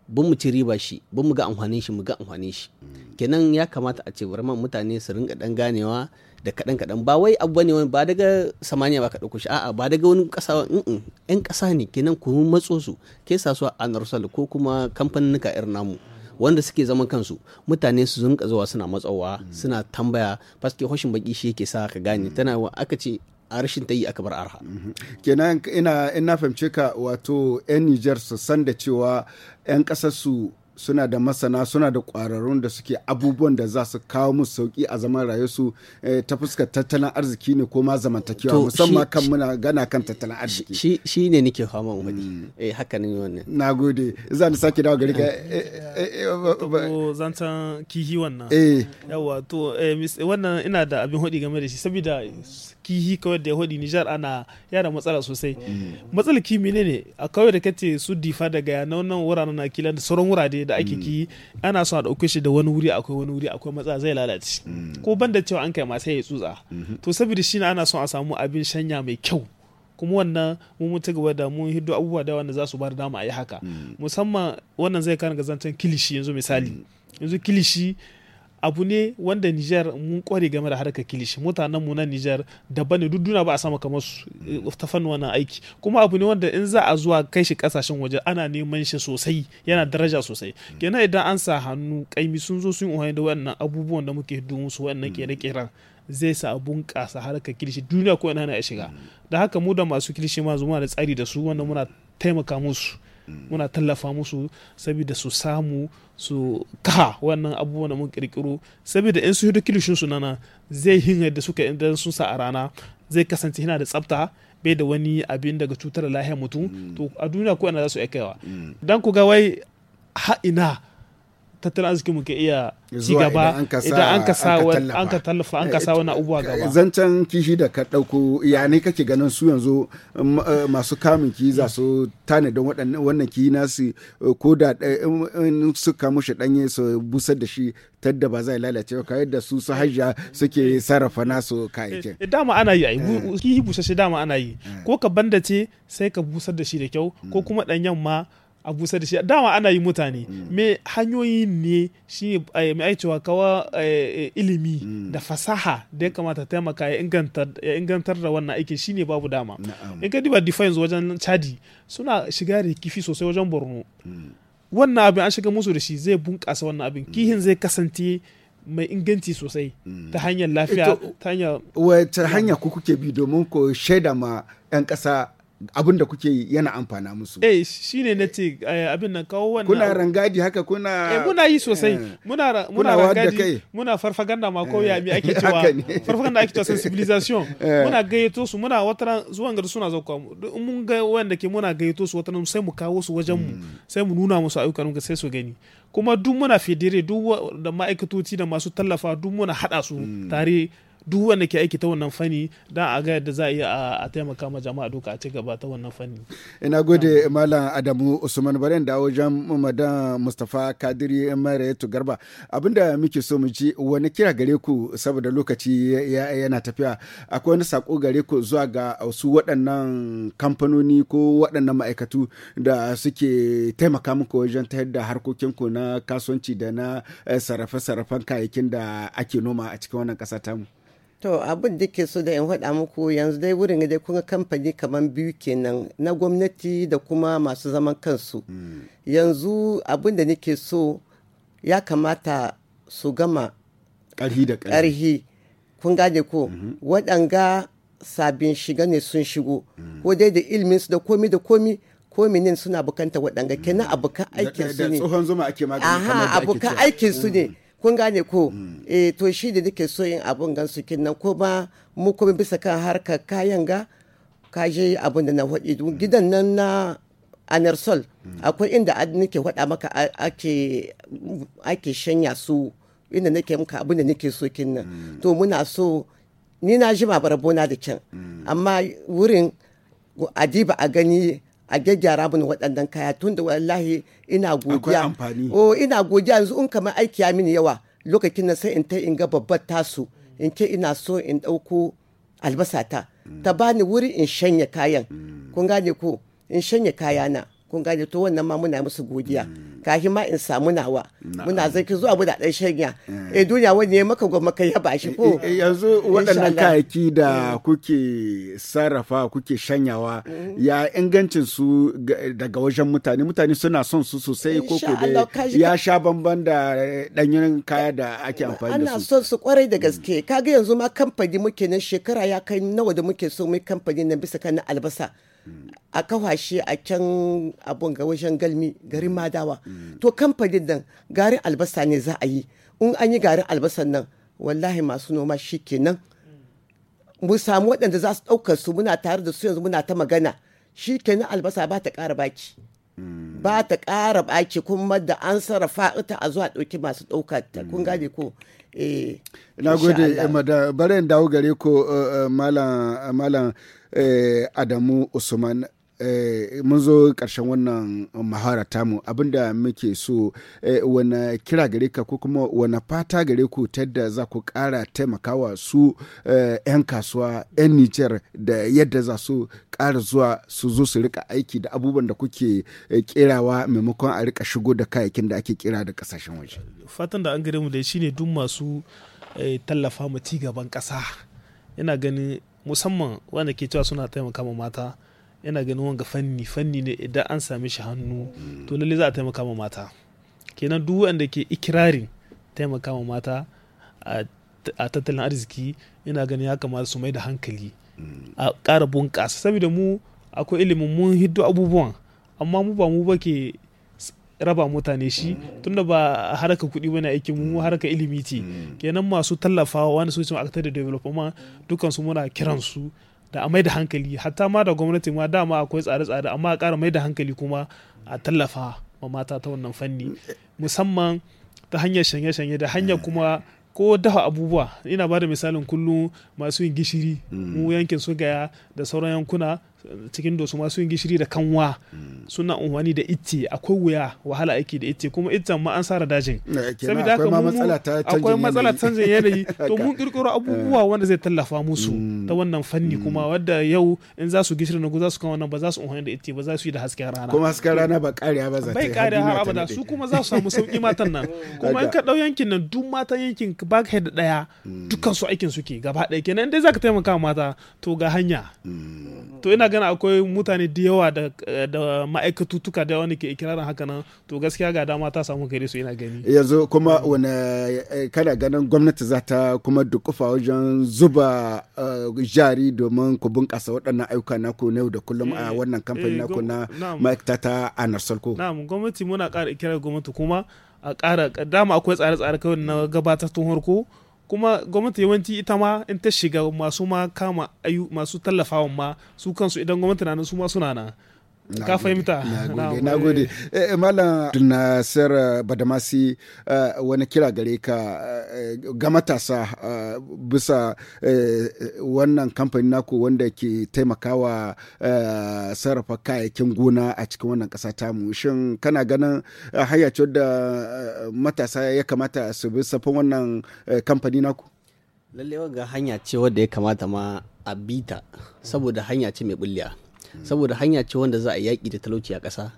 bin mu ci riba shi bin mu ga amfanin shi mu ga amfanin shi kenan ya kamata a ce vraiment mutane su rinka dan ganewa da kaɗan kaɗan ba wai abu ne ba daga samaniya ba ka ɗauko shi a'a ba daga wani ƙasa in ƙasa ne kenan ku matso su ke su a narsal ko kuma kamfaninnika irin namu wanda suke zaman kansu mutane su zunka zuwa suna matsawa suna tambaya paske hoshin baki shi yake sa ka gane tana wa aka ce a rashin ta yi aka bar arha mhm. kenan ina ina fahimce ka wato yan Nijar su san da cewa yan kasar su suna da masana suna da kwararrun da suke abubuwan da za su kawo musu sauki a zaman rayuwarsu eh, ta fuskar tattalin arziki ne ko ma zamantakewa musamman kan muna gana kan tattalin arziki shi ne nake fama umari mm. eh haka ne wannan nagode za ni sake dawo gari ka ko eh, eh, zantan kihi wannan eh yawa to wannan ina da abin hodi game da shi saboda kihi kawai da ya nijar ana yana matsala sosai mm. matsala kimi ne ne a kawai da kace su difa daga yana wannan wuraren na kila da sauran wurare da ake mm. kihi ana so a dauke shi da wani wuri akwai wani wuri akwai matsala zai lalace mm. ko ban da cewa an kai ma sai ya tsutsa mm-hmm. to saboda shi ana so a samu abin shanya mai kyau kuma wannan mun mutu gaba da mun hiddo abubuwa da wanda za su bar dama a yi haka musamman wannan zai kan ga zancen kilishi yanzu misali yanzu kilishi abu ne wanda Nijar mun kware game da harkar kilishi mutanen mu na Nijar daban ne duduna ba a sama kamar su eh, ta fannin wannan aiki kuma abu ne wanda in za a zuwa kai shi kasashen waje ana neman shi sosai yana daraja sosai hmm. kenan idan an sa hannu kaimi sun zo sun yi da wannan abubuwan da muke domin su wannan kere-keren hmm. zai sa abun kasa harkar kilishi duniya ko ina na a shiga hmm. da haka mu da masu kilishi ma zuma da tsari da su wanda muna taimaka musu muna tallafa musu saboda su samu su kaha wannan abubuwan da mun kirkiro saboda in su hido kilishin su nana zai hin da suka idan sun sa a rana zai kasance yana da tsafta bai da wani abin daga cutar lahiyar mutum mm. to a duniya ko ina za su iya kaiwa mm. dan ku ga wai ha ina tattalin arzikinmu ke iya ci gaba idan an kasa an ka tallafa an ka sa wani abubuwa eh, gaba zancen kishi da ka ɗauko ya ne kake ganin su yanzu um, eh, masu kamun ki za su tane don wannan kihi nasu eh, ko da su kamu shi ɗanye su busar da shi tadda ba zai lalace ba yadda su su hajja suke sarrafa nasu kayayyakin dama ana yi kihi busasshe dama ana yi ko ka bandace sai ka busar da shi da kyau ko mm. kuma ɗanyen ma a busa da shi dama ana yi mutane mm. me hanyoyi ne shi eh, mai aicewa kawa eh, eh, ilimi mm. da fasaha da ya kamata taimaka ya ingantar da wannan aiki ne babu dama in ka diba defense wajen chadi suna shiga da kifi sosai wajen borno mm. wannan abin an shiga musu da shi zai bunkasa wannan abin kihin zai kasance mai inganci sosai ta hanyar lafiya ta hanyar wata hanya ku bi domin ko shaida ma 'yan ƙasa abin da kuke yana amfana musu. Eh shi ne na ce eh, abin nan kawo wannan. Kuna rangadi haka kuna. Eh muna yi sosai. Eh. Muna muna rangadi muna farfaganda ma ko eh, ya mi ake cewa farfaganda ake cewa sensibilisation. Muna gayyato su muna wata zuwan gari suna zauka Duk mun ga wanda ke muna gayyato su wata sai mu kawo su wajen mu hmm. sai mu nuna musu ayyukan mu sai su gani. Kuma duk muna federe duk da ma'aikatoci da masu tallafa duk muna haɗa su hmm. tare. duk wanda ke aiki ta wannan fanni don a ga yadda za a yi a taimaka ma jama'a duka a ci gaba ta wannan fanni ina gode malam adamu usman bari da wajen madan mustafa kadiri marayatu garba abinda muke so mu ji wani kira gare ku saboda lokaci yana tafiya akwai wani sako gare ku zuwa ga wasu waɗannan kamfanoni ko waɗannan ma'aikatu da suke taimaka muku wajen ta yadda harkokinku na kasuwanci da na eh, sarrafe-sarrafen kayayyakin da ake noma a cikin wannan ƙasa tamu. To abin da ke so da in faɗa muku yanzu dai wurin dai kuma kamfani kamar biyu kenan na gwamnati da kuma masu zaman kansu. Hmm. Yanzu abin da nake so ya kamata su gama ƙarhi da ƙarhi. Kun gane ko mhm. waɗanga sabin shiga ne sun shigo hmm. ko dai da su da komi da komi komi ne suna bukanta waɗanga kenan hmm. abokan aikin su ne. Da tsohon zuma ake magana kamar da ake aikin su ne. kun gane ko mm. eh to shi da nake so yin abun gan su kinnan ko ba mu kuma bisa kan harkar kayan ga ka je abun da na hodi mm. gidan nan na anersol mm. akwai inda nake hada maka ake ake shanya su inda nake muka abun da nake so kinnan to muna so ni na jima barabona da can amma wurin adiba a gani a gyaggyara mini waɗannan kaya tun da wallahi ina godiya oh ina godiya yanzu in kamar aiki ya mini yawa lokacin na sai in ta in ga babbar tasu in ce ina so in ɗauko albasata ta bani wuri in shanya kayan mm. kun gane ko in shanya kayana kun gane to wannan ma muna musu godiya kafin mm. ma in samu nawa muna zaki zuwa mu da dan shanya eh. eh duniya wani ya maka gwamma kai ya bashi ko eh, eh, yanzu waɗannan kayaki da mm. kuke sarrafa kuke shanyawa mm. ya ingancin su daga wajen mutane mutane suna son su sosai ko ko ya sha bamban da danyen kaya da ake amfani da su ana son su kwarai da gaske kaga yanzu ma kamfani muke nan shekara ya kai nawa da muke so mai kamfani na bisa kan albasa a kawashe a can abun ga wajen galmi garin madawa to kamfanin nan garin albasa ne za a yi in an yi garin albasan nan wallahi masu noma shi kenan mu samu waɗanda za su ɗaukar su muna tare da su yanzu muna ta magana shi kenan albasa ba ta ƙara baki ba ta ƙara baki kuma da an sarrafa ita a zuwa ɗauki masu ɗauka ta kun mm. gane ko eh, na gode da bare dawo gare ko eh, eh, malam Eh, Adamu Usman eh, mun zo ƙarshen wannan mahara tamu abinda muke so eh, wani kira gare ka ko kuma wani fata gare ku ta yadda za ku ƙara taimakawa su 'yan kasuwa 'yan nijar da yadda za su ƙara zuwa su zo su rika aiki da abubuwan da kuke ƙirawa maimakon a rika shigo da kayakin da ake kira da ƙasashen waje fatan da an gare mu da shine duk masu tallafa mu ci gaban ƙasa yana ganin musamman wanda ke cewa suna taimaka ma mata yana ganin wanga fanni fanni ne idan an sami shi hannu to lalle za a taimaka ma mata kenan duk wanda ke ikirarin taimaka ma mata a tattalin arziki yana ganin ya kamata su mai da hankali a ƙara bunƙasa saboda mu akwai ilimin mun hiddo abubuwan amma mu ba mu ba ke raba mutane shi tunda ba haraka kuɗi bane aiki mu haraka ilimi ce mm. kenan masu tallafawa wanda su ce actor da development dukan su muna kiran su da a maida hankali hatta ma da gwamnati ma dama akwai tsare-tsare amma a ƙara maida hankali kuma a tallafa wa mata ta wannan fanni musamman ta hanyar shanye-shanye da hanyar mm. kuma ko dafa abubuwa ina ba da misalin kullum masu yin gishiri mm. mu yankin su gaya da sauran yankuna cikin dosu ma sun gishiri da kanwa mm. suna unwani da ice akwai wuya wahala aiki da ice kuma iccen ma an sara dajin saboda haka akwai matsala canjin yanayi to mun kirkiro abubuwa eh. wanda zai tallafa musu mm. ta wannan fanni kuma mm. wadda yau in za su gishiri na za su kan wannan ba za su unwani da ice ba za su yi da hasken rana kuma hasken rana ba kariya ba za ta yi bai kariya har abada su kuma za su samu sauki matan nan kuma in ka dau yankin nan duk matan yankin ba ka da daya dukkan su aikin suke gaba daya kenan dai za ka taimaka mata to ga hanya to ina gana akwai mutane da yawa da ma'aikatutuka da wani ke ikirarin haka nan to gaskiya ga dama ta samu gari su yana gani yanzu kuma wani eh, kada ganin gwamnati za ta kuma dukufa wajen zuba eh, jari domin ku bunkasa waɗannan ayyuka na ku yau da kullum a eh, wannan kamfani na ku na ma'aikata ta anarsalko na'am gwamnati muna ƙara ikirar gwamnati kuma a ƙara dama akwai tsare-tsare kawai na gabatar tun harko kuma gwamnati yawanci ita ma in ta shiga masu ma kama ayu masu tallafawan ma su kansu idan gwamnati na nan su ma suna nan ka fahimta na gode eh, eh, malam nasir eh, badamasi wani kira gare ka ga matasa bisa wannan kamfani naku wanda ke taimakawa sarrafa kayayyakin gona a cikin wannan kasa tamu shin kana ganin hayyacin da matasa ya kamata su bi safin wannan kamfani naku lallai ga hanya ce wadda ya kamata ma a bita saboda hanya ce mai bulliya saboda hanya ce wanda za a yaƙi da talauci a ƙasa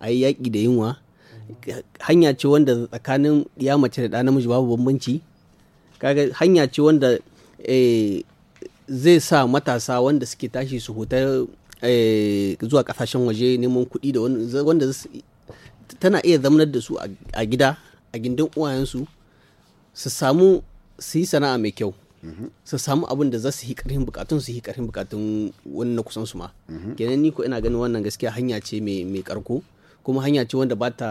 a yi yaƙi da yunwa hanya ce wanda tsakanin ya mace da ɗa namiji babu bambanci kaga hanya ce wanda eh, zai sa matasa wanda suke tashi su huta eh, zuwa ƙasashen waje neman kuɗi da wanda tana iya zamanar da su a gida a gindin uwayensu su samu su yi sana'a mai kyau su samu abin da za su yi karfin bukatun su yi karfin bukatun wani na kusan su ma kenan ni ko ina ganin wannan gaskiya hanya ce mai karko kuma hanya ce wanda ba ta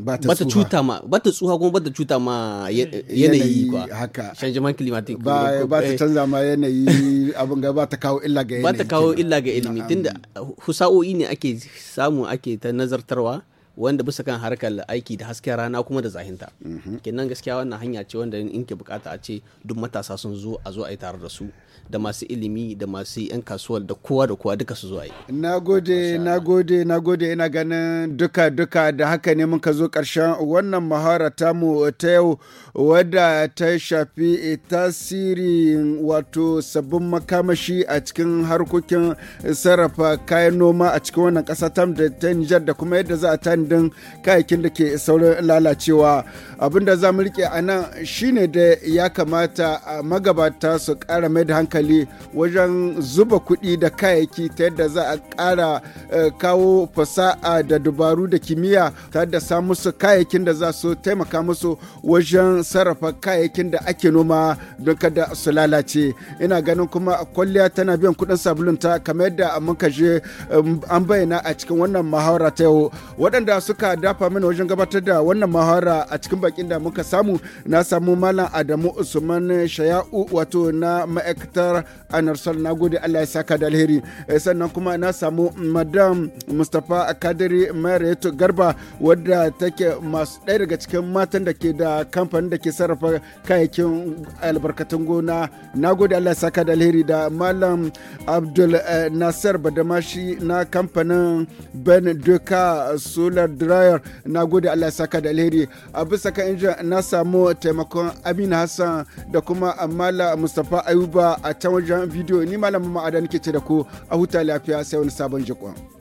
ba ta cuta ma ba ta tsuha kuma ba ta cuta ma yanayi kwa haka changement climatic ba ba ta eh. canza ma yanayi abin ga ba ta kawo illa ga yanayi ba ta kawo illa ga ilimi tunda husa'o'i ne ake samu ake ta nazartarwa wanda bisa kan harkar aiki da hasken rana kuma da zahinta mhm. kenan gaskiya wannan hanya ce wanda in ke bukata a ce duk matasa sun zo a zo a yi tare da su da masu ilimi da masu 'yan kasuwar da kowa da kowa duka su zuwa yi. Na gode, na gode, na gode ina ganin duka duka da haka ne muka zo ƙarshen wannan mahara mu ta yau wadda ta shafi tasiri wato sabbin makamashi a cikin harkokin sarrafa kayan noma a cikin wannan ƙasa tam da ta Nijar da kuma yadda za a tanadin kayayyakin da ke saurin lalacewa. Abin da za mu rike a nan shine da ya kamata a magabata su ƙara mai da hankali wajen zuba kuɗi da kayayyaki ta yadda za a ƙara eh, kawo fasa'a da dabaru da kimiyya ta da sa musu kayayyakin da za su taimaka musu wajen sarrafa kayayyakin da ake noma don kada su lalace ina ganin kuma kwalliya tana biyan kuɗin sabulun ta kamar yadda muka je um, an bayyana a cikin wannan muhawara ta yau waɗanda suka dafa mana wajen gabatar da wannan muhawara a cikin bakin da muka samu na samu malam adamu usman shaya'u wato na ma'aikata muktar anarsol na gode allah ya saka da alheri eh, sannan kuma na samu madam mustapha kadiri mareto garba wadda take masu ɗaya daga cikin matan da ke da kamfanin da ke sarrafa kayayyakin albarkatun gona na gode allah ya saka da alheri da malam abdul eh, nasir badamashi na kamfanin ben duka solar dryer na gode allah ya saka da alheri a bisa kan injin na samu taimakon amina hassan da kuma amala mustapha ayuba a can wajen bidiyo ni malamin ma'ada nake ce da ku a huta lafiya sai wani sabon jikon.